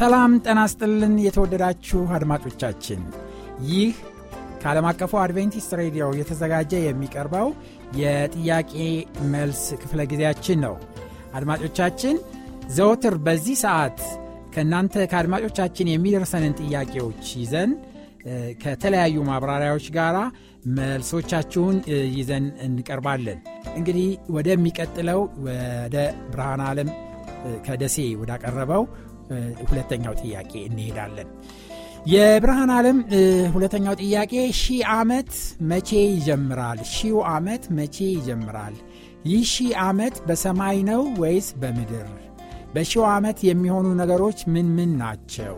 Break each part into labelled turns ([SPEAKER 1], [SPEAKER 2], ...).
[SPEAKER 1] ሰላም ጠና ስጥልን የተወደዳችሁ አድማጮቻችን ይህ ከዓለም አቀፉ አድቬንቲስት ሬዲዮ የተዘጋጀ የሚቀርበው የጥያቄ መልስ ክፍለ ጊዜያችን ነው አድማጮቻችን ዘወትር በዚህ ሰዓት ከእናንተ ከአድማጮቻችን የሚደርሰንን ጥያቄዎች ይዘን ከተለያዩ ማብራሪያዎች ጋር መልሶቻችሁን ይዘን እንቀርባለን እንግዲህ ወደሚቀጥለው ወደ ብርሃን ዓለም ከደሴ ወዳቀረበው ሁለተኛው ጥያቄ እንሄዳለን። የብርሃን ዓለም ሁለተኛው ጥያቄ ሺህ ዓመት መቼ ይጀምራል? ሺው ዓመት መቼ ይጀምራል? ይህ ሺህ ዓመት በሰማይ ነው ወይስ በምድር? በሺው ዓመት የሚሆኑ ነገሮች ምን ምን ናቸው?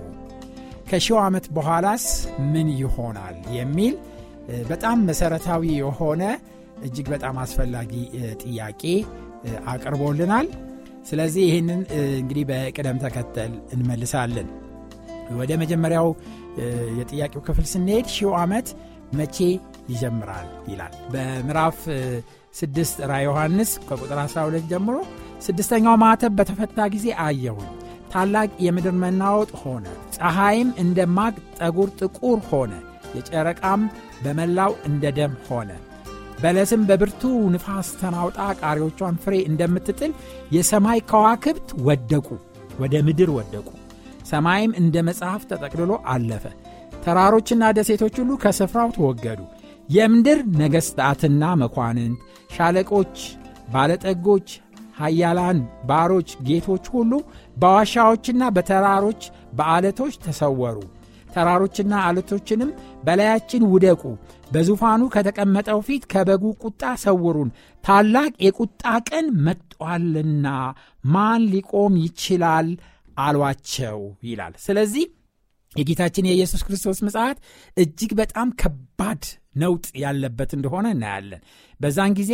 [SPEAKER 1] ከሺው ዓመት በኋላስ ምን ይሆናል? የሚል በጣም መሠረታዊ የሆነ እጅግ በጣም አስፈላጊ ጥያቄ አቅርቦልናል። ስለዚህ ይህንን እንግዲህ በቅደም ተከተል እንመልሳለን። ወደ መጀመሪያው የጥያቄው ክፍል ስንሄድ ሺው ዓመት መቼ ይጀምራል ይላል። በምዕራፍ ስድስት ራ ዮሐንስ ከቁጥር 12 ጀምሮ ስድስተኛው ማዕተብ በተፈታ ጊዜ አየሁኝ፣ ታላቅ የምድር መናወጥ ሆነ፣ ፀሐይም እንደ ማቅ ጠጉር ጥቁር ሆነ፣ የጨረቃም በመላው እንደ ደም ሆነ በለስም በብርቱ ንፋስ ተናውጣ ቃሪዎቿን ፍሬ እንደምትጥል የሰማይ ከዋክብት ወደቁ፣ ወደ ምድር ወደቁ። ሰማይም እንደ መጽሐፍ ተጠቅልሎ አለፈ። ተራሮችና ደሴቶች ሁሉ ከስፍራው ተወገዱ። የምድር ነገሥታትና መኳንንት፣ ሻለቆች፣ ባለጠጎች፣ ኃያላን፣ ባሮች፣ ጌቶች ሁሉ በዋሻዎችና በተራሮች በዓለቶች ተሰወሩ። ተራሮችና አለቶችንም በላያችን ውደቁ። በዙፋኑ ከተቀመጠው ፊት ከበጉ ቁጣ ሰውሩን። ታላቅ የቁጣ ቀን መጥቷልና ማን ሊቆም ይችላል አሏቸው ይላል። ስለዚህ የጌታችን የኢየሱስ ክርስቶስ መጽሐት እጅግ በጣም ከባድ ነውጥ ያለበት እንደሆነ እናያለን። በዛን ጊዜ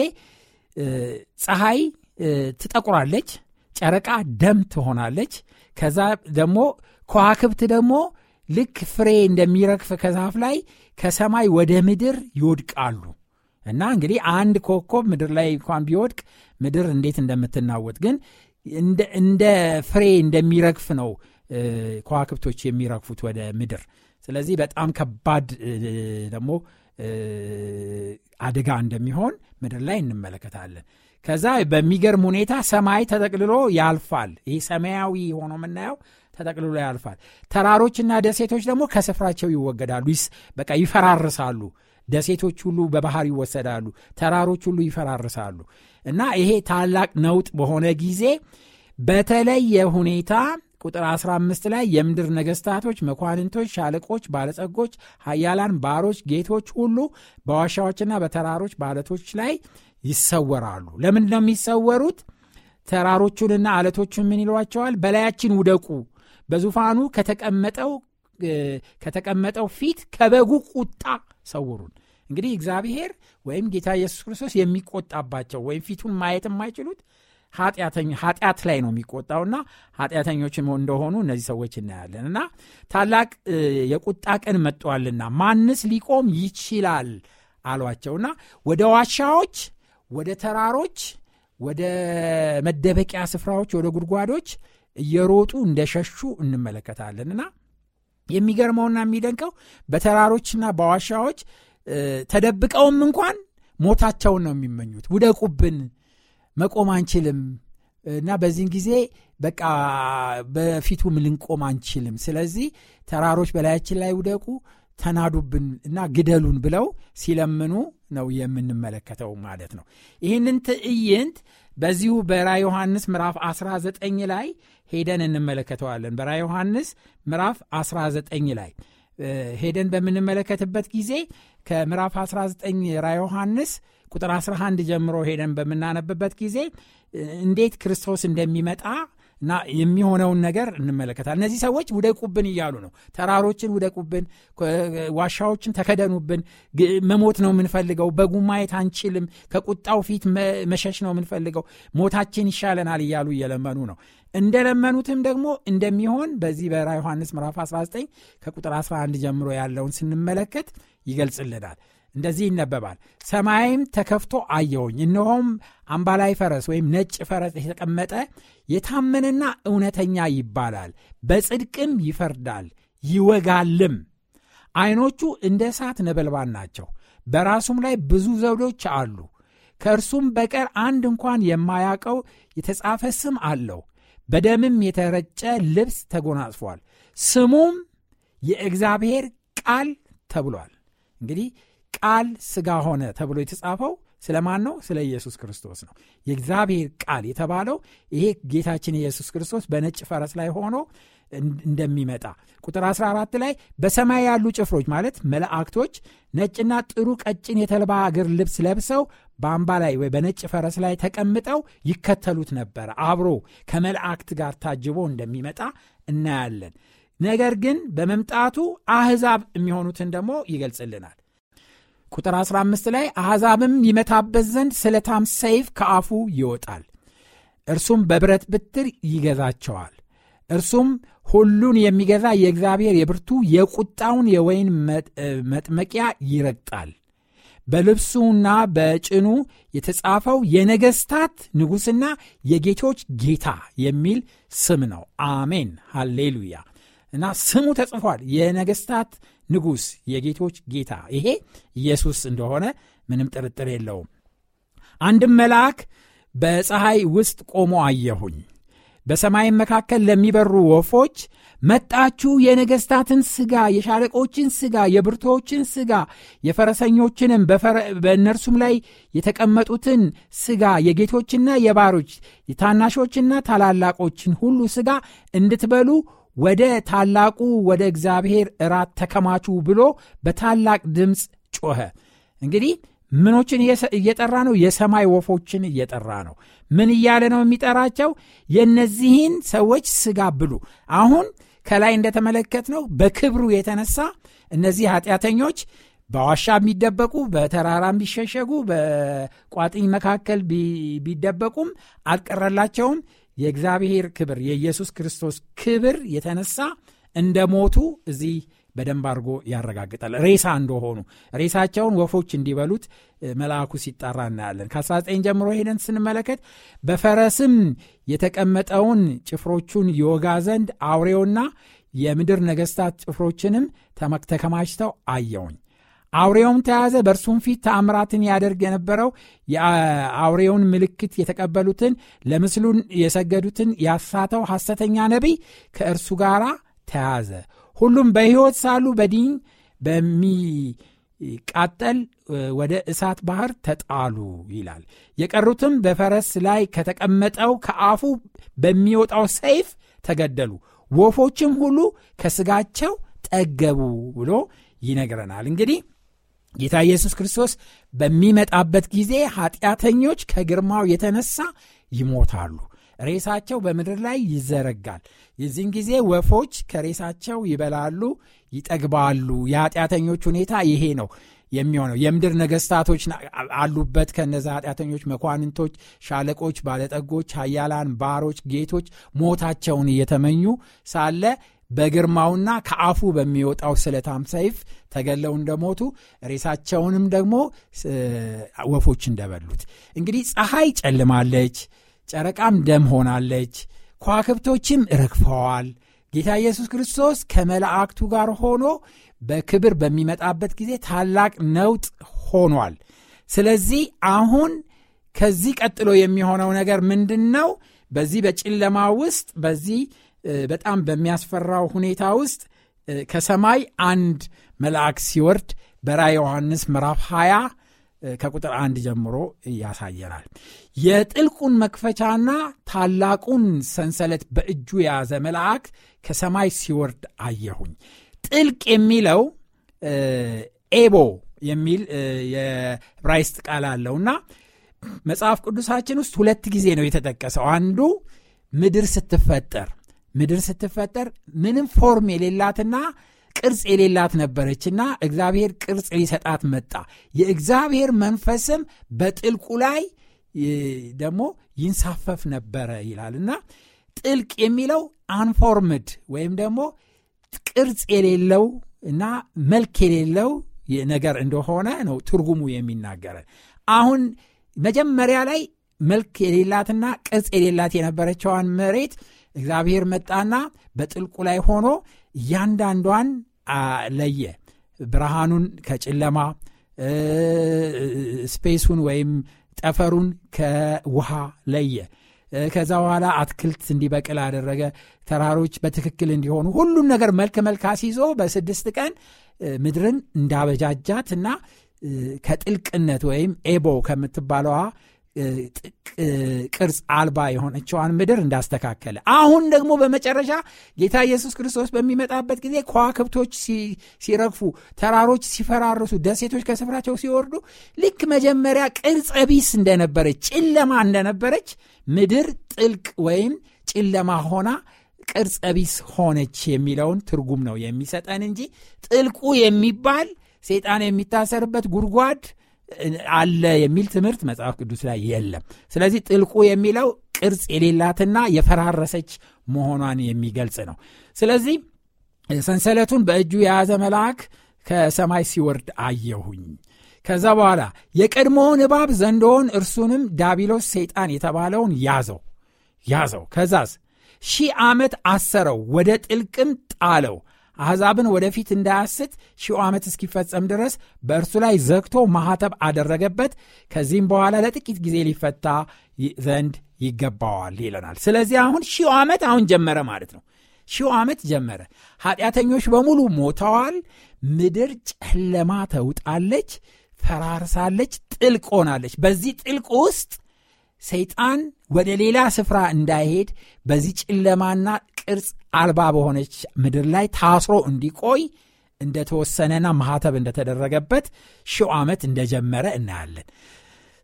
[SPEAKER 1] ፀሐይ ትጠቁራለች፣ ጨረቃ ደም ትሆናለች። ከዛ ደግሞ ከዋክብት ደግሞ ልክ ፍሬ እንደሚረግፍ ከዛፍ ላይ ከሰማይ ወደ ምድር ይወድቃሉ እና እንግዲህ አንድ ኮከብ ምድር ላይ እንኳን ቢወድቅ ምድር እንዴት እንደምትናወጥ ግን እንደ ፍሬ እንደሚረግፍ ነው ከዋክብቶች የሚረግፉት ወደ ምድር ስለዚህ በጣም ከባድ ደግሞ አደጋ እንደሚሆን ምድር ላይ እንመለከታለን ከዛ በሚገርም ሁኔታ ሰማይ ተጠቅልሎ ያልፋል ይህ ሰማያዊ ሆኖ የምናየው ተጠቅልሎ ያልፋል። ተራሮችና ደሴቶች ደግሞ ከስፍራቸው ይወገዳሉ፣ በቃ ይፈራርሳሉ። ደሴቶች ሁሉ በባህር ይወሰዳሉ፣ ተራሮች ሁሉ ይፈራርሳሉ። እና ይሄ ታላቅ ነውጥ በሆነ ጊዜ በተለየ ሁኔታ ቁጥር 15 ላይ የምድር ነገስታቶች፣ መኳንንቶች፣ ሻለቆች፣ ባለጸጎች፣ ኃያላን፣ ባሮች፣ ጌቶች ሁሉ በዋሻዎችና በተራሮች በአለቶች ላይ ይሰወራሉ። ለምንድን ነው የሚሰወሩት? ተራሮቹንና አለቶቹን ምን ይሏቸዋል? በላያችን ውደቁ በዙፋኑ ከተቀመጠው ከተቀመጠው ፊት ከበጉ ቁጣ ሰውሩን። እንግዲህ እግዚአብሔር ወይም ጌታ ኢየሱስ ክርስቶስ የሚቆጣባቸው ወይም ፊቱን ማየት የማይችሉት ኃጢአት ላይ ነው የሚቆጣውና ኃጢአተኞች እንደሆኑ እነዚህ ሰዎች እናያለን። እና ታላቅ የቁጣ ቀን መጥቷልና ማንስ ሊቆም ይችላል አሏቸውና ወደ ዋሻዎች፣ ወደ ተራሮች፣ ወደ መደበቂያ ስፍራዎች፣ ወደ ጉድጓዶች እየሮጡ እንደሸሹ እንመለከታለን እና የሚገርመውና የሚደንቀው በተራሮችና በዋሻዎች ተደብቀውም እንኳን ሞታቸውን ነው የሚመኙት። ውደቁብን፣ መቆም አንችልም እና በዚህን ጊዜ በቃ በፊቱ ልንቆም አንችልም። ስለዚህ ተራሮች በላያችን ላይ ውደቁ፣ ተናዱብን እና ግደሉን ብለው ሲለምኑ ነው የምንመለከተው ማለት ነው። ይህንን ትዕይንት በዚሁ በራ ዮሐንስ ምዕራፍ 19 ላይ ሄደን እንመለከተዋለን። በራ ዮሐንስ ምዕራፍ 19 ላይ ሄደን በምንመለከትበት ጊዜ ከምዕራፍ 19 ራ ዮሐንስ ቁጥር 11 ጀምሮ ሄደን በምናነብበት ጊዜ እንዴት ክርስቶስ እንደሚመጣ እና የሚሆነውን ነገር እንመለከታል። እነዚህ ሰዎች ውደቁብን እያሉ ነው። ተራሮችን ውደቁብን፣ ዋሻዎችን ተከደኑብን፣ መሞት ነው የምንፈልገው፣ በጉማየት ማየት አንችልም፣ ከቁጣው ፊት መሸሽ ነው የምንፈልገው፣ ሞታችን ይሻለናል እያሉ እየለመኑ ነው። እንደለመኑትም ደግሞ እንደሚሆን በዚህ በራ ዮሐንስ ምራፍ 19 ከቁጥር 11 ጀምሮ ያለውን ስንመለከት ይገልጽልናል። እንደዚህ ይነበባል። ሰማይም ተከፍቶ አየውኝ፣ እነሆም አምባላይ ፈረስ ወይም ነጭ ፈረስ የተቀመጠ የታመነና እውነተኛ ይባላል፣ በጽድቅም ይፈርዳል ይወጋልም። ዐይኖቹ እንደ እሳት ነበልባል ናቸው፣ በራሱም ላይ ብዙ ዘውዶች አሉ። ከእርሱም በቀር አንድ እንኳን የማያውቀው የተጻፈ ስም አለው። በደምም የተረጨ ልብስ ተጎናጽፏል፣ ስሙም የእግዚአብሔር ቃል ተብሏል። እንግዲህ ቃል ሥጋ ሆነ ተብሎ የተጻፈው ስለ ማን ነው? ስለ ኢየሱስ ክርስቶስ ነው። የእግዚአብሔር ቃል የተባለው ይሄ ጌታችን ኢየሱስ ክርስቶስ በነጭ ፈረስ ላይ ሆኖ እንደሚመጣ ቁጥር 14 ላይ በሰማይ ያሉ ጭፍሮች ማለት መላእክቶች ነጭና ጥሩ ቀጭን የተልባ እግር ልብስ ለብሰው በአምባ ላይ ወይ በነጭ ፈረስ ላይ ተቀምጠው ይከተሉት ነበረ። አብሮ ከመላእክት ጋር ታጅቦ እንደሚመጣ እናያለን። ነገር ግን በመምጣቱ አህዛብ የሚሆኑትን ደግሞ ይገልጽልናል። ቁጥር 15 ላይ አሕዛብም ይመታበት ዘንድ ስለታም ሰይፍ ከአፉ ይወጣል፣ እርሱም በብረት ብትር ይገዛቸዋል። እርሱም ሁሉን የሚገዛ የእግዚአብሔር የብርቱ የቁጣውን የወይን መጥመቂያ ይረግጣል። በልብሱና በጭኑ የተጻፈው የነገስታት ንጉሥና የጌቶች ጌታ የሚል ስም ነው። አሜን ሃሌሉያ። እና ስሙ ተጽፏል የነገስታት ንጉሥ የጌቶች ጌታ ይሄ ኢየሱስ እንደሆነ ምንም ጥርጥር የለውም አንድም መልአክ በፀሐይ ውስጥ ቆሞ አየሁኝ በሰማይም መካከል ለሚበሩ ወፎች መጣችሁ የነገስታትን ሥጋ የሻለቆችን ሥጋ የብርቶችን ሥጋ የፈረሰኞችንም በእነርሱም ላይ የተቀመጡትን ሥጋ የጌቶችና የባሮች የታናሾችና ታላላቆችን ሁሉ ሥጋ እንድትበሉ ወደ ታላቁ ወደ እግዚአብሔር እራት ተከማቹ ብሎ በታላቅ ድምፅ ጮኸ። እንግዲህ ምኖችን እየጠራ ነው? የሰማይ ወፎችን እየጠራ ነው። ምን እያለ ነው የሚጠራቸው? የእነዚህን ሰዎች ስጋ ብሉ። አሁን ከላይ እንደተመለከት ነው በክብሩ የተነሳ እነዚህ ኃጢአተኞች በዋሻ የሚደበቁ በተራራ ቢሸሸጉ በቋጥኝ መካከል ቢደበቁም አልቀረላቸውም። የእግዚአብሔር ክብር የኢየሱስ ክርስቶስ ክብር የተነሳ እንደ ሞቱ እዚህ በደንብ አድርጎ ያረጋግጣል። ሬሳ እንደሆኑ ሬሳቸውን ወፎች እንዲበሉት መልአኩ ሲጠራ እናያለን። ከ19 ጀምሮ ሄደን ስንመለከት በፈረስም የተቀመጠውን ጭፍሮቹን ይወጋ ዘንድ አውሬውና የምድር ነገስታት ጭፍሮችንም ተከማችተው አየውኝ አውሬውም ተያዘ፣ በእርሱም ፊት ተአምራትን ያደርግ የነበረው የአውሬውን ምልክት የተቀበሉትን ለምስሉን የሰገዱትን ያሳተው ሐሰተኛ ነቢይ ከእርሱ ጋር ተያዘ። ሁሉም በሕይወት ሳሉ በዲኝ በሚቃጠል ወደ እሳት ባህር ተጣሉ ይላል። የቀሩትም በፈረስ ላይ ከተቀመጠው ከአፉ በሚወጣው ሰይፍ ተገደሉ። ወፎችም ሁሉ ከስጋቸው ጠገቡ ብሎ ይነግረናል። እንግዲህ ጌታ ኢየሱስ ክርስቶስ በሚመጣበት ጊዜ ኃጢአተኞች ከግርማው የተነሳ ይሞታሉ። ሬሳቸው በምድር ላይ ይዘረጋል። የዚህን ጊዜ ወፎች ከሬሳቸው ይበላሉ፣ ይጠግባሉ። የኃጢአተኞች ሁኔታ ይሄ ነው የሚሆነው የምድር ነገስታቶች አሉበት። ከነዚ ኃጢአተኞች መኳንንቶች፣ ሻለቆች፣ ባለጠጎች፣ ሀያላን ባሮች፣ ጌቶች ሞታቸውን እየተመኙ ሳለ በግርማውና ከአፉ በሚወጣው ስለታም ሰይፍ ተገለው እንደሞቱ ሬሳቸውንም ደግሞ ወፎች እንደበሉት። እንግዲህ ፀሐይ ጨልማለች፣ ጨረቃም ደም ሆናለች፣ ከዋክብቶችም ረግፈዋል። ጌታ ኢየሱስ ክርስቶስ ከመላእክቱ ጋር ሆኖ በክብር በሚመጣበት ጊዜ ታላቅ ነውጥ ሆኗል። ስለዚህ አሁን ከዚህ ቀጥሎ የሚሆነው ነገር ምንድን ነው? በዚህ በጨለማ ውስጥ በዚህ በጣም በሚያስፈራው ሁኔታ ውስጥ ከሰማይ አንድ መልአክ ሲወርድ በራ ዮሐንስ ምዕራፍ 20 ከቁጥር አንድ ጀምሮ ያሳየናል። የጥልቁን መክፈቻና ታላቁን ሰንሰለት በእጁ የያዘ መልአክ ከሰማይ ሲወርድ አየሁኝ። ጥልቅ የሚለው ኤቦ የሚል የዕብራይስጥ ቃል አለውና መጽሐፍ ቅዱሳችን ውስጥ ሁለት ጊዜ ነው የተጠቀሰው። አንዱ ምድር ስትፈጠር ምድር ስትፈጠር ምንም ፎርም የሌላትና ቅርጽ የሌላት ነበረችና እግዚአብሔር ቅርጽ ሊሰጣት መጣ። የእግዚአብሔር መንፈስም በጥልቁ ላይ ደግሞ ይንሳፈፍ ነበረ ይላልና ጥልቅ የሚለው አንፎርምድ ወይም ደግሞ ቅርጽ የሌለው እና መልክ የሌለው ነገር እንደሆነ ነው ትርጉሙ የሚናገረን። አሁን መጀመሪያ ላይ መልክ የሌላትና ቅርጽ የሌላት የነበረችዋን መሬት እግዚአብሔር መጣና በጥልቁ ላይ ሆኖ እያንዳንዷን ለየ። ብርሃኑን ከጨለማ፣ ስፔሱን ወይም ጠፈሩን ከውሃ ለየ። ከዛ በኋላ አትክልት እንዲበቅል አደረገ። ተራሮች በትክክል እንዲሆኑ ሁሉም ነገር መልክ መልክ አስይዞ በስድስት ቀን ምድርን እንዳበጃጃት እና ከጥልቅነት ወይም ኤቦ ከምትባለዋ ቅርጽ አልባ የሆነችዋን ምድር እንዳስተካከለ አሁን ደግሞ በመጨረሻ ጌታ ኢየሱስ ክርስቶስ በሚመጣበት ጊዜ ከዋክብቶች ሲረግፉ፣ ተራሮች ሲፈራርሱ፣ ደሴቶች ከስፍራቸው ሲወርዱ ልክ መጀመሪያ ቅርጸ ቢስ እንደነበረች ጨለማ እንደነበረች ምድር ጥልቅ ወይም ጨለማ ሆና ቅርጸ ቢስ ሆነች የሚለውን ትርጉም ነው የሚሰጠን እንጂ ጥልቁ የሚባል ሴጣን የሚታሰርበት ጉድጓድ አለ የሚል ትምህርት መጽሐፍ ቅዱስ ላይ የለም። ስለዚህ ጥልቁ የሚለው ቅርጽ የሌላትና የፈራረሰች መሆኗን የሚገልጽ ነው። ስለዚህ ሰንሰለቱን በእጁ የያዘ መልአክ ከሰማይ ሲወርድ አየሁኝ። ከዛ በኋላ የቀድሞውን እባብ ዘንዶውን፣ እርሱንም ዳቢሎስ ሰይጣን የተባለውን ያዘው ያዘው። ከዛስ ሺህ ዓመት አሰረው፣ ወደ ጥልቅም ጣለው አሕዛብን ወደፊት እንዳያስት ሺው ዓመት እስኪፈጸም ድረስ በእርሱ ላይ ዘግቶ ማኅተብ አደረገበት። ከዚህም በኋላ ለጥቂት ጊዜ ሊፈታ ዘንድ ይገባዋል ይለናል። ስለዚህ አሁን ሺው ዓመት አሁን ጀመረ ማለት ነው። ሺው ዓመት ጀመረ። ኃጢአተኞች በሙሉ ሞተዋል። ምድር ጨለማ ተውጣለች፣ ፈራርሳለች፣ ጥልቅ ሆናለች። በዚህ ጥልቅ ውስጥ ሰይጣን ወደ ሌላ ስፍራ እንዳይሄድ በዚህ ጭለማና ቅርጽ አልባ በሆነች ምድር ላይ ታስሮ እንዲቆይ እንደተወሰነና ማህተብ እንደተደረገበት ሺው ዓመት እንደጀመረ እናያለን።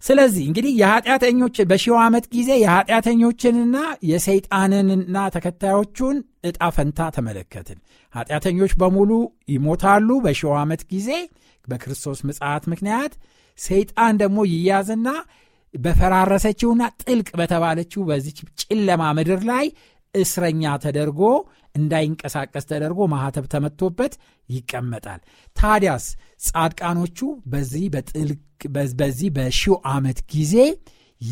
[SPEAKER 1] ስለዚህ እንግዲህ የኃጢአተኞች በሺው ዓመት ጊዜ የኃጢአተኞችንና የሰይጣንንና ተከታዮቹን እጣ ፈንታ ተመለከትን። ኃጢአተኞች በሙሉ ይሞታሉ በሺው ዓመት ጊዜ በክርስቶስ ምጽት ምክንያት። ሰይጣን ደግሞ ይያዝና በፈራረሰችውና ጥልቅ በተባለችው በዚች ጨለማ ምድር ላይ እስረኛ ተደርጎ እንዳይንቀሳቀስ ተደርጎ ማህተብ ተመቶበት ይቀመጣል። ታዲያስ ጻድቃኖቹ በዚህ በዚህ በሺው ዓመት ጊዜ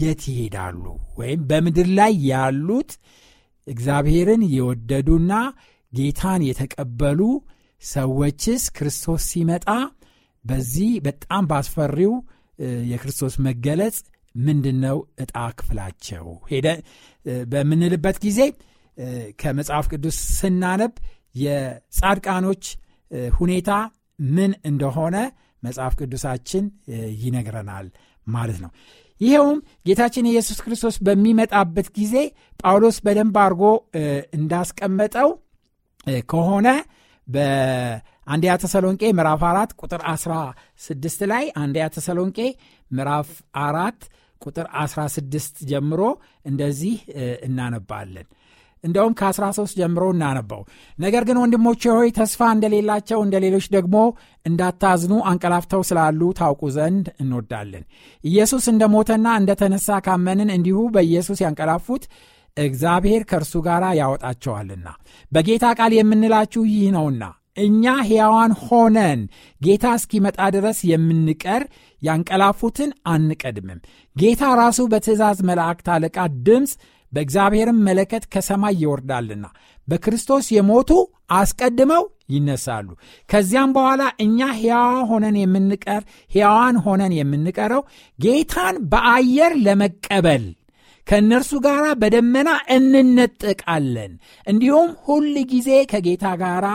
[SPEAKER 1] የት ይሄዳሉ? ወይም በምድር ላይ ያሉት እግዚአብሔርን የወደዱና ጌታን የተቀበሉ ሰዎችስ ክርስቶስ ሲመጣ በዚህ በጣም ባስፈሪው የክርስቶስ መገለጽ ምንድን ነው እጣ ክፍላቸው ሄደ በምንልበት ጊዜ ከመጽሐፍ ቅዱስ ስናነብ የጻድቃኖች ሁኔታ ምን እንደሆነ መጽሐፍ ቅዱሳችን ይነግረናል ማለት ነው። ይኸውም ጌታችን ኢየሱስ ክርስቶስ በሚመጣበት ጊዜ ጳውሎስ በደንብ አድርጎ እንዳስቀመጠው ከሆነ በአንድያ ተሰሎንቄ ምዕራፍ 4 ቁጥር 16 ላይ አንድያ ተሰሎንቄ ምዕራፍ 4 ቁጥር 16 ጀምሮ እንደዚህ እናነባለን። እንደውም ከ13 ጀምሮ እናነበው። ነገር ግን ወንድሞች ሆይ ተስፋ እንደሌላቸው እንደ ሌሎች ደግሞ እንዳታዝኑ አንቀላፍተው ስላሉ ታውቁ ዘንድ እንወዳለን። ኢየሱስ እንደ ሞተና እንደ ተነሳ ካመንን እንዲሁ በኢየሱስ ያንቀላፉት እግዚአብሔር ከእርሱ ጋር ያወጣቸዋልና። በጌታ ቃል የምንላችሁ ይህ ነውና እኛ ሕያዋን ሆነን ጌታ እስኪመጣ ድረስ የምንቀር ያንቀላፉትን አንቀድምም። ጌታ ራሱ በትእዛዝ መላእክት አለቃ ድምፅ በእግዚአብሔርም መለከት ከሰማይ ይወርዳልና በክርስቶስ የሞቱ አስቀድመው ይነሳሉ። ከዚያም በኋላ እኛ ሕያዋ ሆነን የምንቀር ሕያዋን ሆነን የምንቀረው ጌታን በአየር ለመቀበል ከእነርሱ ጋር በደመና እንነጠቃለን፣ እንዲሁም ሁል ጊዜ ከጌታ ጋር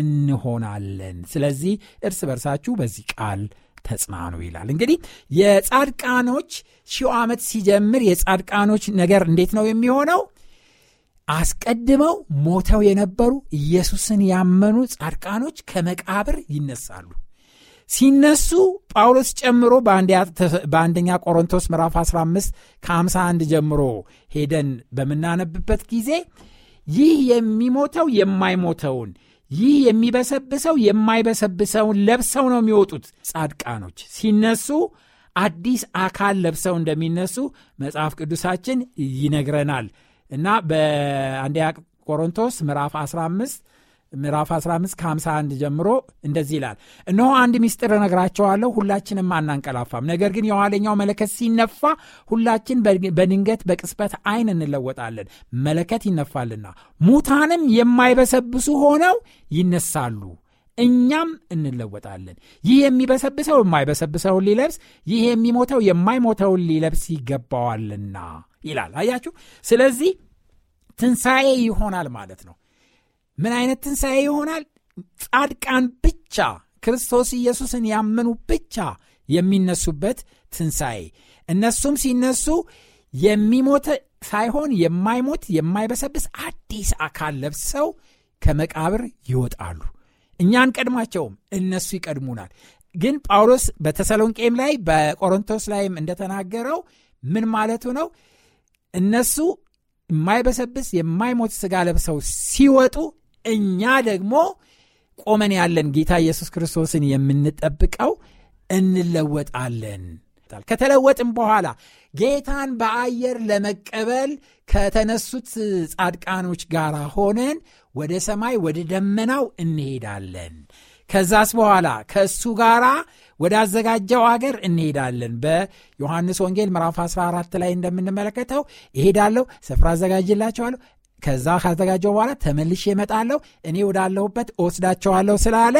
[SPEAKER 1] እንሆናለን። ስለዚህ እርስ በርሳችሁ በዚህ ቃል ተጽናኑ ይላል። እንግዲህ የጻድቃኖች ሺው ዓመት ሲጀምር የጻድቃኖች ነገር እንዴት ነው የሚሆነው? አስቀድመው ሞተው የነበሩ ኢየሱስን ያመኑ ጻድቃኖች ከመቃብር ይነሳሉ። ሲነሱ ጳውሎስ ጨምሮ በአንደኛ ቆሮንቶስ ምዕራፍ 15 ከ51 ጀምሮ ሄደን በምናነብበት ጊዜ ይህ የሚሞተው የማይሞተውን ይህ የሚበሰብሰው የማይበሰብሰውን ለብሰው ነው የሚወጡት። ጻድቃኖች ሲነሱ አዲስ አካል ለብሰው እንደሚነሱ መጽሐፍ ቅዱሳችን ይነግረናል እና በአንዲያ ቆሮንቶስ ምዕራፍ 15 ምዕራፍ 15 ከ51 ጀምሮ እንደዚህ ይላል። እነሆ አንድ ሚስጥር እነግራቸዋለሁ፣ ሁላችንም አናንቀላፋም። ነገር ግን የኋለኛው መለከት ሲነፋ ሁላችን በድንገት በቅስበት አይን እንለወጣለን፣ መለከት ይነፋልና ሙታንም የማይበሰብሱ ሆነው ይነሳሉ እኛም እንለወጣለን። ይህ የሚበሰብሰው የማይበሰብሰውን ሊለብስ፣ ይህ የሚሞተው የማይሞተውን ሊለብስ ይገባዋልና ይላል። አያችሁ፣ ስለዚህ ትንሣኤ ይሆናል ማለት ነው። ምን አይነት ትንሣኤ ይሆናል? ጻድቃን ብቻ ክርስቶስ ኢየሱስን ያመኑ ብቻ የሚነሱበት ትንሣኤ። እነሱም ሲነሱ የሚሞት ሳይሆን የማይሞት የማይበሰብስ አዲስ አካል ለብሰው ከመቃብር ይወጣሉ። እኛ አንቀድማቸውም፣ እነሱ ይቀድሙናል። ግን ጳውሎስ በተሰሎንቄም ላይ በቆሮንቶስ ላይም እንደተናገረው ምን ማለቱ ነው? እነሱ የማይበሰብስ የማይሞት ስጋ ለብሰው ሲወጡ እኛ ደግሞ ቆመን ያለን ጌታ ኢየሱስ ክርስቶስን የምንጠብቀው እንለወጣለን። ከተለወጥም በኋላ ጌታን በአየር ለመቀበል ከተነሱት ጻድቃኖች ጋር ሆነን ወደ ሰማይ ወደ ደመናው እንሄዳለን። ከዛስ በኋላ ከእሱ ጋር አዘጋጀው አገር እንሄዳለን። በዮሐንስ ወንጌል ምዕራፍ 14 ላይ እንደምንመለከተው እሄዳለሁ፣ ስፍራ አዘጋጅላቸዋለሁ፣ ከዛ ካዘጋጀው በኋላ ተመልሼ እመጣለሁ እኔ ወዳለሁበት እወስዳቸዋለሁ ስላለ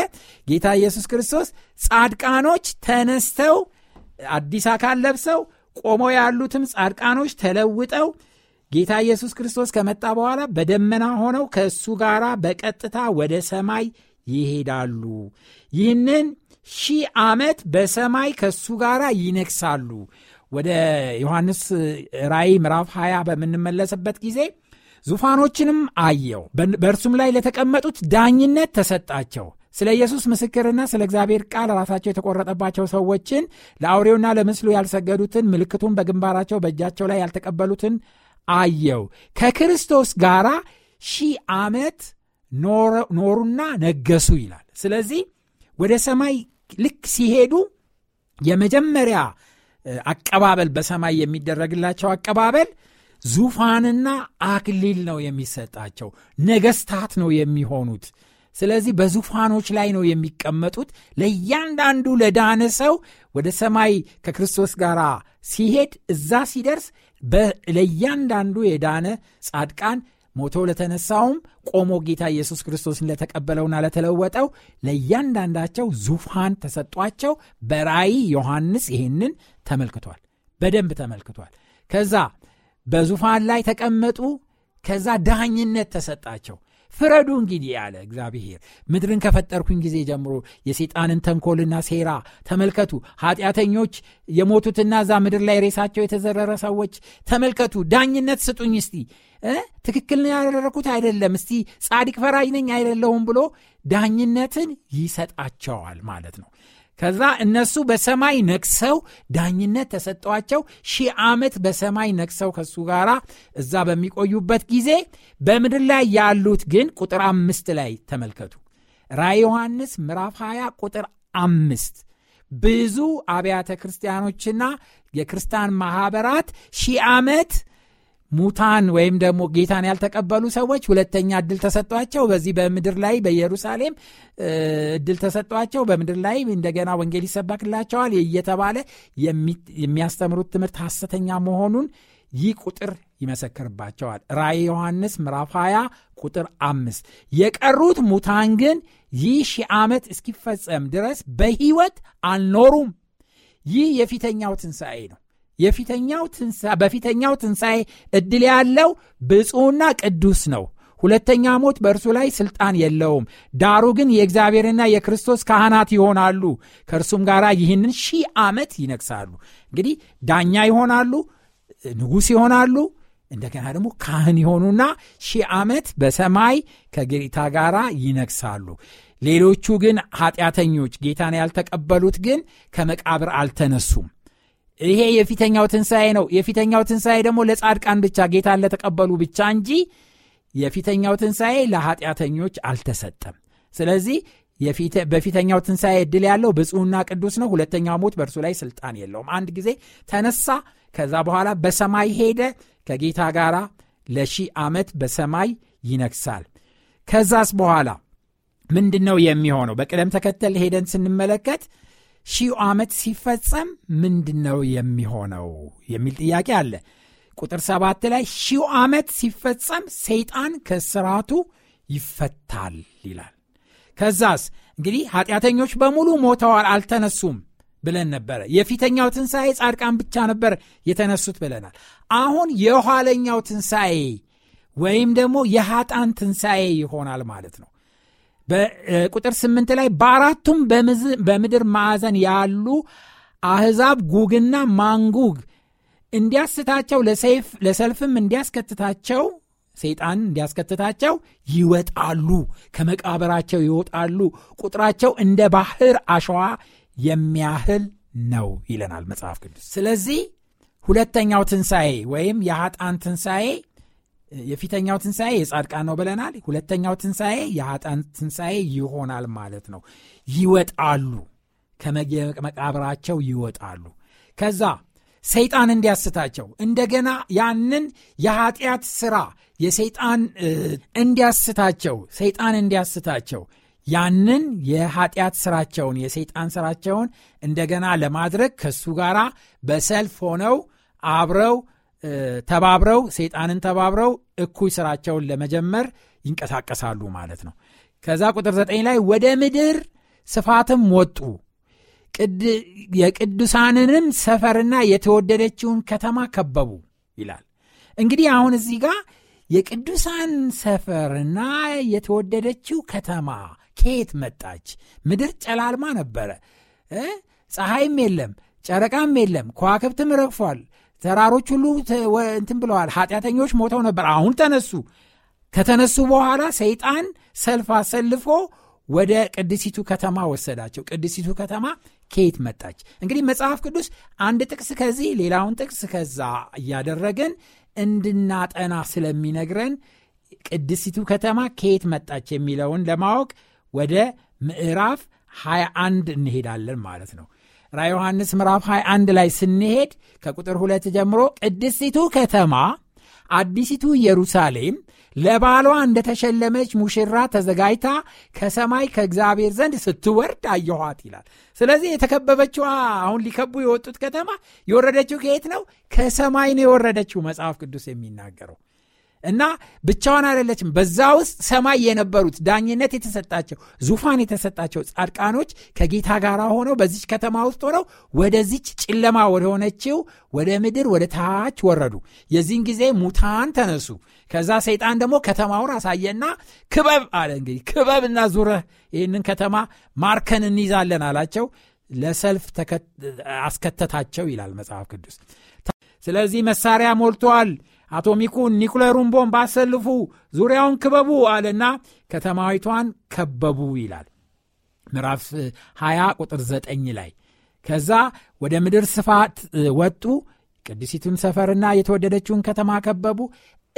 [SPEAKER 1] ጌታ ኢየሱስ ክርስቶስ ጻድቃኖች ተነስተው አዲስ አካል ለብሰው ቆመው ያሉትም ጻድቃኖች ተለውጠው ጌታ ኢየሱስ ክርስቶስ ከመጣ በኋላ በደመና ሆነው ከእሱ ጋር በቀጥታ ወደ ሰማይ ይሄዳሉ። ይህንን ሺህ ዓመት በሰማይ ከእሱ ጋር ይነግሳሉ። ወደ ዮሐንስ ራይ ምዕራፍ 20 በምንመለስበት ጊዜ ዙፋኖችንም አየው፣ በእርሱም ላይ ለተቀመጡት ዳኝነት ተሰጣቸው። ስለ ኢየሱስ ምስክርና ስለ እግዚአብሔር ቃል ራሳቸው የተቆረጠባቸው ሰዎችን ለአውሬውና ለምስሉ ያልሰገዱትን ምልክቱን በግንባራቸው በእጃቸው ላይ ያልተቀበሉትን አየው። ከክርስቶስ ጋር ሺህ ዓመት ኖሩና ነገሱ ይላል። ስለዚህ ወደ ሰማይ ልክ ሲሄዱ የመጀመሪያ አቀባበል በሰማይ የሚደረግላቸው አቀባበል ዙፋንና አክሊል ነው የሚሰጣቸው። ነገስታት ነው የሚሆኑት። ስለዚህ በዙፋኖች ላይ ነው የሚቀመጡት። ለእያንዳንዱ ለዳነ ሰው ወደ ሰማይ ከክርስቶስ ጋር ሲሄድ እዛ ሲደርስ ለእያንዳንዱ የዳነ ጻድቃን ሞቶ ለተነሳውም ቆሞ ጌታ ኢየሱስ ክርስቶስን ለተቀበለውና ለተለወጠው ለእያንዳንዳቸው ዙፋን ተሰጧቸው። በራይ ዮሐንስ ይህንን ተመልክቷል፣ በደንብ ተመልክቷል። ከዛ በዙፋን ላይ ተቀመጡ። ከዛ ዳኝነት ተሰጣቸው። ፍረዱ እንግዲህ ያለ እግዚአብሔር ምድርን ከፈጠርኩኝ ጊዜ ጀምሮ የሴጣንን ተንኮልና ሴራ ተመልከቱ። ኃጢአተኞች የሞቱትና እዛ ምድር ላይ ሬሳቸው የተዘረረ ሰዎች ተመልከቱ። ዳኝነት ስጡኝ እስቲ ትክክል ያደረግኩት አይደለም፣ እስቲ ጻድቅ ፈራጅ ነኝ አይደለሁም ብሎ ዳኝነትን ይሰጣቸዋል ማለት ነው። ከዛ እነሱ በሰማይ ነቅሰው ዳኝነት ተሰጠዋቸው። ሺህ ዓመት በሰማይ ነቅሰው ከሱ ጋር እዛ በሚቆዩበት ጊዜ በምድር ላይ ያሉት ግን ቁጥር አምስት ላይ ተመልከቱ። ራ ዮሐንስ ምዕራፍ 20 ቁጥር አምስት ብዙ አብያተ ክርስቲያኖችና የክርስቲያን ማኅበራት ሺህ ዓመት ሙታን ወይም ደግሞ ጌታን ያልተቀበሉ ሰዎች ሁለተኛ እድል ተሰጧቸው። በዚህ በምድር ላይ በኢየሩሳሌም እድል ተሰጧቸው። በምድር ላይ እንደገና ወንጌል ይሰባክላቸዋል እየተባለ የሚያስተምሩት ትምህርት ሐሰተኛ መሆኑን ይህ ቁጥር ይመሰክርባቸዋል። ራይ ዮሐንስ ምራፍ 20 ቁጥር አምስት የቀሩት ሙታን ግን ይህ ሺህ ዓመት እስኪፈጸም ድረስ በሕይወት አልኖሩም። ይህ የፊተኛው ትንሣኤ ነው። በፊተኛው ትንሣኤ ዕድል ያለው ብፁዕና ቅዱስ ነው። ሁለተኛ ሞት በእርሱ ላይ ሥልጣን የለውም። ዳሩ ግን የእግዚአብሔርና የክርስቶስ ካህናት ይሆናሉ፣ ከእርሱም ጋር ይህንን ሺህ ዓመት ይነግሳሉ። እንግዲህ ዳኛ ይሆናሉ፣ ንጉሥ ይሆናሉ፣ እንደገና ደግሞ ካህን ይሆኑና ሺህ ዓመት በሰማይ ከጌታ ጋር ይነግሳሉ። ሌሎቹ ግን ኃጢአተኞች ጌታን ያልተቀበሉት ግን ከመቃብር አልተነሱም። ይሄ የፊተኛው ትንሣኤ ነው። የፊተኛው ትንሣኤ ደግሞ ለጻድቃን ብቻ ጌታን ለተቀበሉ ብቻ እንጂ የፊተኛው ትንሣኤ ለኃጢአተኞች አልተሰጠም። ስለዚህ በፊተኛው ትንሣኤ እድል ያለው ብፁና ቅዱስ ነው። ሁለተኛው ሞት በእርሱ ላይ ስልጣን የለውም። አንድ ጊዜ ተነሳ፣ ከዛ በኋላ በሰማይ ሄደ። ከጌታ ጋር ለሺህ ዓመት በሰማይ ይነግሳል። ከዛስ በኋላ ምንድን ነው የሚሆነው? በቅደም ተከተል ሄደን ስንመለከት ሺው ዓመት ሲፈጸም ምንድን ነው የሚሆነው የሚል ጥያቄ አለ። ቁጥር ሰባት ላይ ሺው ዓመት ሲፈጸም ሰይጣን ከስራቱ ይፈታል ይላል። ከዛስ እንግዲህ ኃጢአተኞች በሙሉ ሞተዋል፣ አልተነሱም ብለን ነበረ። የፊተኛው ትንሣኤ ጻድቃን ብቻ ነበር የተነሱት ብለናል። አሁን የኋለኛው ትንሣኤ ወይም ደግሞ የሀጣን ትንሣኤ ይሆናል ማለት ነው። በቁጥር ስምንት ላይ በአራቱም በምድር ማዕዘን ያሉ አህዛብ ጉግና ማንጉግ እንዲያስታቸው ለሰልፍም እንዲያስከትታቸው ሰይጣን እንዲያስከትታቸው ይወጣሉ፣ ከመቃበራቸው ይወጣሉ። ቁጥራቸው እንደ ባህር አሸዋ የሚያህል ነው ይለናል መጽሐፍ ቅዱስ። ስለዚህ ሁለተኛው ትንሣኤ ወይም የሀጣን ትንሣኤ የፊተኛው ትንሣኤ የጻድቃን ነው ብለናል። ሁለተኛው ትንሣኤ የኃጥአን ትንሣኤ ይሆናል ማለት ነው። ይወጣሉ፣ ከመቃብራቸው ይወጣሉ። ከዛ ሰይጣን እንዲያስታቸው እንደገና ያንን የኃጢአት ሥራ የሰይጣን እንዲያስታቸው ሰይጣን እንዲያስታቸው ያንን የኃጢአት ስራቸውን የሰይጣን ስራቸውን እንደገና ለማድረግ ከሱ ጋር በሰልፍ ሆነው አብረው ተባብረው ሰይጣንን ተባብረው እኩይ ስራቸውን ለመጀመር ይንቀሳቀሳሉ ማለት ነው። ከዛ ቁጥር ዘጠኝ ላይ ወደ ምድር ስፋትም ወጡ የቅዱሳንንም ሰፈርና የተወደደችውን ከተማ ከበቡ ይላል። እንግዲህ አሁን እዚህ ጋር የቅዱሳን ሰፈርና የተወደደችው ከተማ ከየት መጣች? ምድር ጨላልማ ነበረ፣ ፀሐይም የለም፣ ጨረቃም የለም፣ ከዋክብትም ረግፏል፣ ተራሮች ሁሉ እንትን ብለዋል። ኃጢአተኞች ሞተው ነበር፣ አሁን ተነሱ። ከተነሱ በኋላ ሰይጣን ሰልፍ አሰልፎ ወደ ቅድሲቱ ከተማ ወሰዳቸው። ቅድሲቱ ከተማ ከየት መጣች? እንግዲህ መጽሐፍ ቅዱስ አንድ ጥቅስ ከዚህ ሌላውን ጥቅስ ከዛ እያደረገን እንድናጠና ስለሚነግረን ቅድሲቱ ከተማ ከየት መጣች የሚለውን ለማወቅ ወደ ምዕራፍ 21 እንሄዳለን ማለት ነው። ራ ዮሐንስ ምዕራፍ 21 ላይ ስንሄድ ከቁጥር ሁለት ጀምሮ ቅድስቲቱ ከተማ አዲሲቱ ኢየሩሳሌም ለባሏ እንደተሸለመች ሙሽራ ተዘጋጅታ ከሰማይ ከእግዚአብሔር ዘንድ ስትወርድ አየኋት ይላል። ስለዚህ የተከበበችው አሁን ሊከቡ የወጡት ከተማ የወረደችው ከየት ነው? ከሰማይ ነው የወረደችው መጽሐፍ ቅዱስ የሚናገረው እና ብቻዋን አይደለችም። በዛ ውስጥ ሰማይ የነበሩት ዳኝነት የተሰጣቸው ዙፋን የተሰጣቸው ጻድቃኖች ከጌታ ጋር ሆነው በዚች ከተማ ውስጥ ሆነው ወደዚች ጨለማ ወደሆነችው ወደ ምድር ወደ ታች ወረዱ። የዚህን ጊዜ ሙታን ተነሱ። ከዛ ሰይጣን ደግሞ ከተማውን አሳየና ክበብ አለ። እንግዲህ ክበብና ዙረህ ይህንን ከተማ ማርከን እንይዛለን አላቸው። ለሰልፍ አስከተታቸው ይላል መጽሐፍ ቅዱስ። ስለዚህ መሳሪያ ሞልተዋል። አቶሚኩን ኒኩሌሩን ቦምብ አሰልፉ፣ ዙሪያውን ክበቡ አለና ከተማዊቷን ከበቡ ይላል ምዕራፍ 20 ቁጥር 9 ላይ። ከዛ ወደ ምድር ስፋት ወጡ፣ ቅድሲቱን ሰፈርና የተወደደችውን ከተማ ከበቡ፣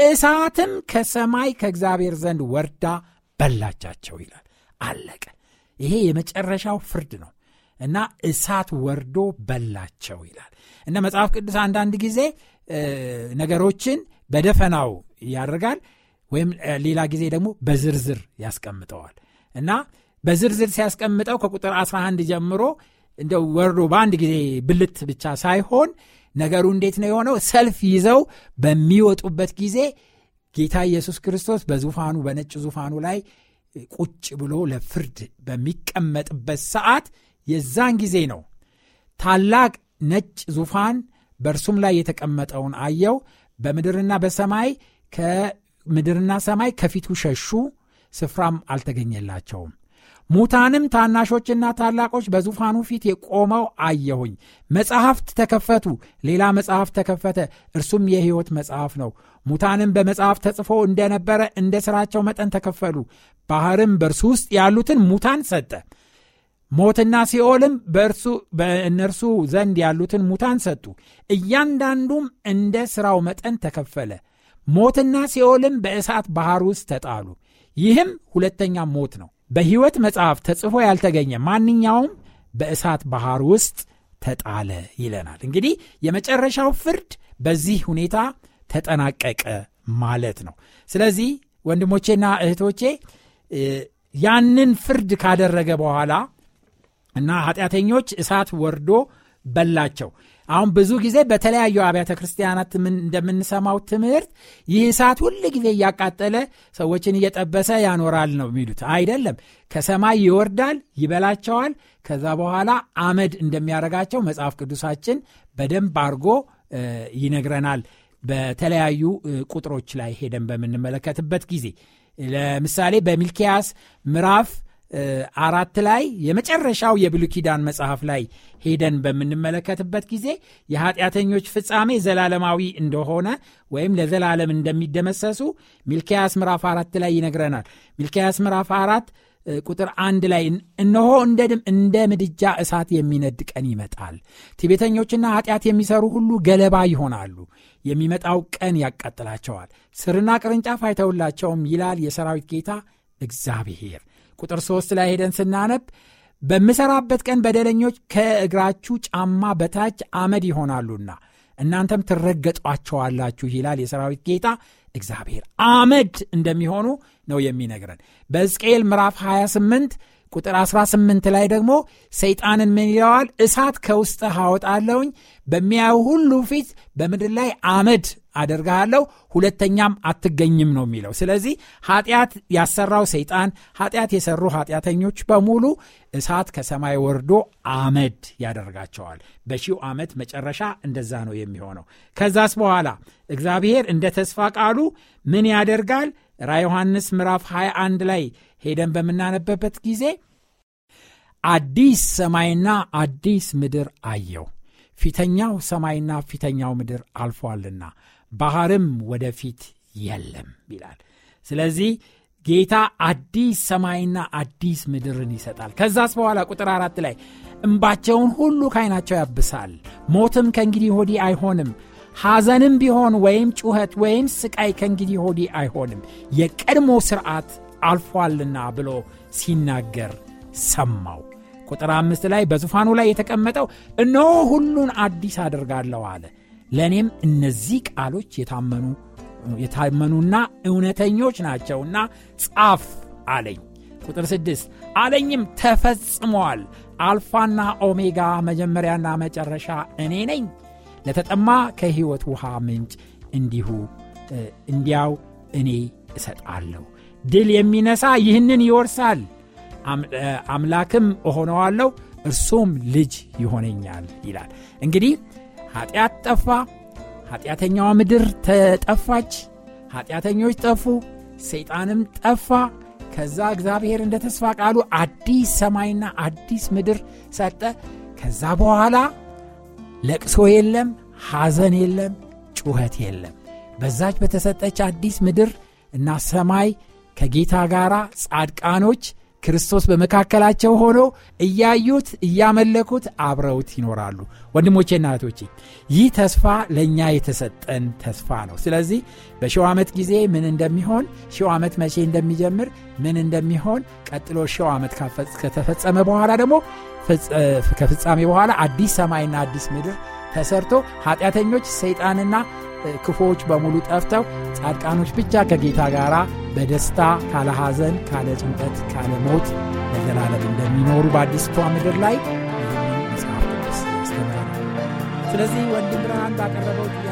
[SPEAKER 1] እሳትም ከሰማይ ከእግዚአብሔር ዘንድ ወርዳ በላቻቸው ይላል። አለቀ። ይሄ የመጨረሻው ፍርድ ነው እና እሳት ወርዶ በላቸው ይላል እና መጽሐፍ ቅዱስ አንዳንድ ጊዜ ነገሮችን በደፈናው ያደርጋል ወይም ሌላ ጊዜ ደግሞ በዝርዝር ያስቀምጠዋል እና በዝርዝር ሲያስቀምጠው ከቁጥር 11 ጀምሮ እንደ ወርዶ በአንድ ጊዜ ብልት ብቻ ሳይሆን ነገሩ እንዴት ነው የሆነው? ሰልፍ ይዘው በሚወጡበት ጊዜ ጌታ ኢየሱስ ክርስቶስ በዙፋኑ በነጭ ዙፋኑ ላይ ቁጭ ብሎ ለፍርድ በሚቀመጥበት ሰዓት የዛን ጊዜ ነው ታላቅ ነጭ ዙፋን በእርሱም ላይ የተቀመጠውን አየው። በምድርና በሰማይ ከምድርና ሰማይ ከፊቱ ሸሹ፣ ስፍራም አልተገኘላቸውም። ሙታንም ታናሾችና ታላቆች በዙፋኑ ፊት የቆመው አየሁኝ። መጽሐፍት ተከፈቱ፣ ሌላ መጽሐፍ ተከፈተ፣ እርሱም የሕይወት መጽሐፍ ነው። ሙታንም በመጽሐፍ ተጽፎ እንደነበረ እንደ ሥራቸው መጠን ተከፈሉ። ባሕርም በእርሱ ውስጥ ያሉትን ሙታን ሰጠ። ሞትና ሲኦልም በእርሱ በእነርሱ ዘንድ ያሉትን ሙታን ሰጡ፣ እያንዳንዱም እንደ ሥራው መጠን ተከፈለ። ሞትና ሲኦልም በእሳት ባሕር ውስጥ ተጣሉ። ይህም ሁለተኛ ሞት ነው። በሕይወት መጽሐፍ ተጽፎ ያልተገኘ ማንኛውም በእሳት ባሕር ውስጥ ተጣለ ይለናል። እንግዲህ የመጨረሻው ፍርድ በዚህ ሁኔታ ተጠናቀቀ ማለት ነው። ስለዚህ ወንድሞቼና እህቶቼ ያንን ፍርድ ካደረገ በኋላ እና ኃጢአተኞች እሳት ወርዶ በላቸው። አሁን ብዙ ጊዜ በተለያዩ አብያተ ክርስቲያናት እንደምንሰማው ትምህርት ይህ እሳት ሁል ጊዜ እያቃጠለ ሰዎችን እየጠበሰ ያኖራል ነው የሚሉት። አይደለም። ከሰማይ ይወርዳል፣ ይበላቸዋል። ከዛ በኋላ አመድ እንደሚያደርጋቸው መጽሐፍ ቅዱሳችን በደንብ አድርጎ ይነግረናል። በተለያዩ ቁጥሮች ላይ ሄደን በምንመለከትበት ጊዜ ለምሳሌ በሚልኪያስ ምዕራፍ አራት ላይ የመጨረሻው የብሉይ ኪዳን መጽሐፍ ላይ ሄደን በምንመለከትበት ጊዜ የኃጢአተኞች ፍጻሜ ዘላለማዊ እንደሆነ ወይም ለዘላለም እንደሚደመሰሱ ሚልኪያስ ምራፍ አራት ላይ ይነግረናል። ሚልኪያስ ምራፍ አራት ቁጥር አንድ ላይ እነሆ እንደ ምድጃ እሳት የሚነድ ቀን ይመጣል፣ ትቤተኞችና ኃጢአት የሚሰሩ ሁሉ ገለባ ይሆናሉ፣ የሚመጣው ቀን ያቃጥላቸዋል፣ ስርና ቅርንጫፍ አይተውላቸውም፣ ይላል የሰራዊት ጌታ እግዚአብሔር። ቁጥር ሶስት ላይ ሄደን ስናነብ በምሰራበት ቀን በደለኞች ከእግራችሁ ጫማ በታች አመድ ይሆናሉና እናንተም ትረገጧቸዋላችሁ ይላል የሰራዊት ጌታ እግዚአብሔር። አመድ እንደሚሆኑ ነው የሚነግረን። በዝቅኤል ምዕራፍ 28 ቁጥር 18 ላይ ደግሞ ሰይጣንን ምን ይለዋል? እሳት ከውስጥ አወጣለውኝ በሚያዩ ሁሉ ፊት በምድር ላይ አመድ አደርግሃለሁ፣ ሁለተኛም አትገኝም ነው የሚለው። ስለዚህ ኃጢአት ያሰራው ሰይጣን፣ ኃጢአት የሰሩ ኃጢአተኞች በሙሉ እሳት ከሰማይ ወርዶ አመድ ያደርጋቸዋል። በሺው ዓመት መጨረሻ እንደዛ ነው የሚሆነው። ከዛስ በኋላ እግዚአብሔር እንደ ተስፋ ቃሉ ምን ያደርጋል? ራ ዮሐንስ ምዕራፍ 21 ላይ ሄደን በምናነበበት ጊዜ አዲስ ሰማይና አዲስ ምድር አየው ፊተኛው ሰማይና ፊተኛው ምድር አልፏልና ባህርም ወደፊት የለም ይላል። ስለዚህ ጌታ አዲስ ሰማይና አዲስ ምድርን ይሰጣል። ከዛስ በኋላ ቁጥር አራት ላይ እምባቸውን ሁሉ ካይናቸው ያብሳል፣ ሞትም ከእንግዲህ ሆዲ አይሆንም፣ ሐዘንም ቢሆን ወይም ጩኸት ወይም ስቃይ ከእንግዲህ ሆዲ አይሆንም፣ የቀድሞ ሥርዓት አልፏልና ብሎ ሲናገር ሰማው። ቁጥር አምስት ላይ በዙፋኑ ላይ የተቀመጠው እነሆ ሁሉን አዲስ አድርጋለሁ አለ። ለእኔም እነዚህ ቃሎች የታመኑ የታመኑና እውነተኞች ናቸውና ጻፍ አለኝ። ቁጥር ስድስት አለኝም ተፈጽመዋል። አልፋና ኦሜጋ መጀመሪያና መጨረሻ እኔ ነኝ። ለተጠማ ከሕይወት ውሃ ምንጭ እንዲሁ እንዲያው እኔ እሰጣለሁ። ድል የሚነሳ ይህንን ይወርሳል፣ አምላክም እሆነዋለሁ፣ እርሱም ልጅ ይሆነኛል ይላል እንግዲህ ኃጢአት ጠፋ፣ ኃጢአተኛዋ ምድር ተጠፋች፣ ኃጢአተኞች ጠፉ፣ ሰይጣንም ጠፋ። ከዛ እግዚአብሔር እንደ ተስፋ ቃሉ አዲስ ሰማይና አዲስ ምድር ሰጠ። ከዛ በኋላ ለቅሶ የለም፣ ሐዘን የለም፣ ጩኸት የለም። በዛች በተሰጠች አዲስ ምድር እና ሰማይ ከጌታ ጋር ጻድቃኖች ክርስቶስ በመካከላቸው ሆኖ እያዩት እያመለኩት አብረውት ይኖራሉ። ወንድሞቼና እህቶቼ ይህ ተስፋ ለእኛ የተሰጠን ተስፋ ነው። ስለዚህ በሺው ዓመት ጊዜ ምን እንደሚሆን፣ ሺው ዓመት መቼ እንደሚጀምር፣ ምን እንደሚሆን ቀጥሎ ሺው ዓመት ከተፈጸመ በኋላ ደግሞ ከፍጻሜ በኋላ አዲስ ሰማይና አዲስ ምድር ተሰርቶ ኃጢአተኞች ሰይጣንና ክፉዎች በሙሉ ጠፍተው ጻድቃኖች ብቻ ከጌታ ጋር በደስታ ካለ ሐዘን፣ ካለ ጭንቀት፣ ካለ ሞት ለዘላለም እንደሚኖሩ በአዲስቷ ምድር ላይ ይህንን መጽሐፍ ቅዱስ ያስተምረናል። ስለዚህ ወንድም ብርሃን ባቀረበው